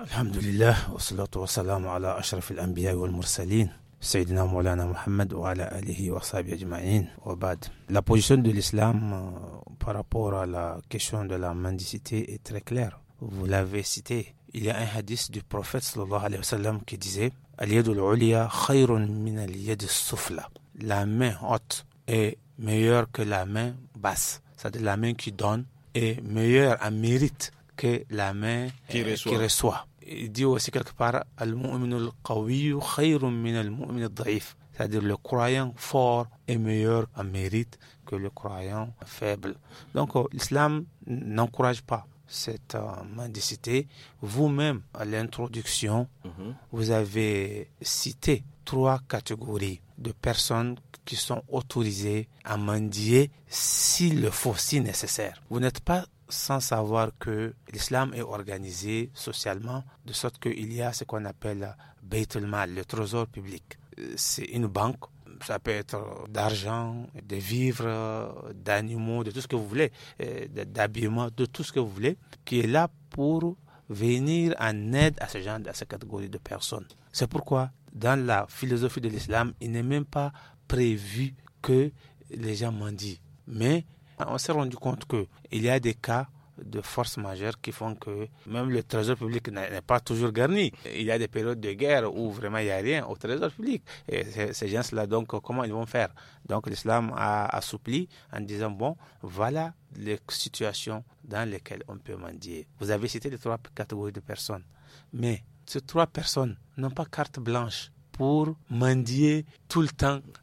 الحمد لله والصلاة والسلام على أشرف الأنبياء والمرسلين سيدنا مولانا محمد وعلى آله وصحبه أجمعين وبعد La position de l'islam par rapport à la question de la mendicité est très claire. Vous l'avez cité. Il y a un hadith du prophète sallallahu alayhi wa sallam qui disait La main haute est meilleure que la main basse. C'est-à-dire la main qui donne est meilleure en mérite que la main euh, qui reçoit. Il dit aussi quelque part c'est-à-dire le croyant fort est meilleur en mérite que le croyant faible. Donc euh, l'islam n'encourage pas cette euh, mendicité. Vous-même, à l'introduction, mhm. vous avez cité trois catégories de personnes qui sont autorisées à mendier s'il le faut, si nécessaire. Vous n'êtes pas sans savoir que l'islam est organisé socialement de sorte qu'il y a ce qu'on appelle mal le trésor public. C'est une banque, ça peut être d'argent, de vivres, d'animaux, de tout ce que vous voulez, euh, d'habillement, de tout ce que vous voulez, qui est là pour venir en aide à ce genre, à cette catégorie de personnes. C'est pourquoi, dans la philosophie de l'islam, il n'est même pas prévu que les gens mendient. Mais ah, on s'est rendu compte qu'il y a des cas de force majeure qui font que même le trésor public n'est pas toujours garni. Il y a des périodes de guerre où vraiment il n'y a rien au trésor public. Et ces gens-là, donc, comment ils vont faire Donc, l'islam a assoupli en disant, bon, voilà les situations dans lesquelles on peut mendier. Vous avez cité les trois catégories de personnes. Mais ces trois personnes n'ont pas carte blanche pour mendier tout le temps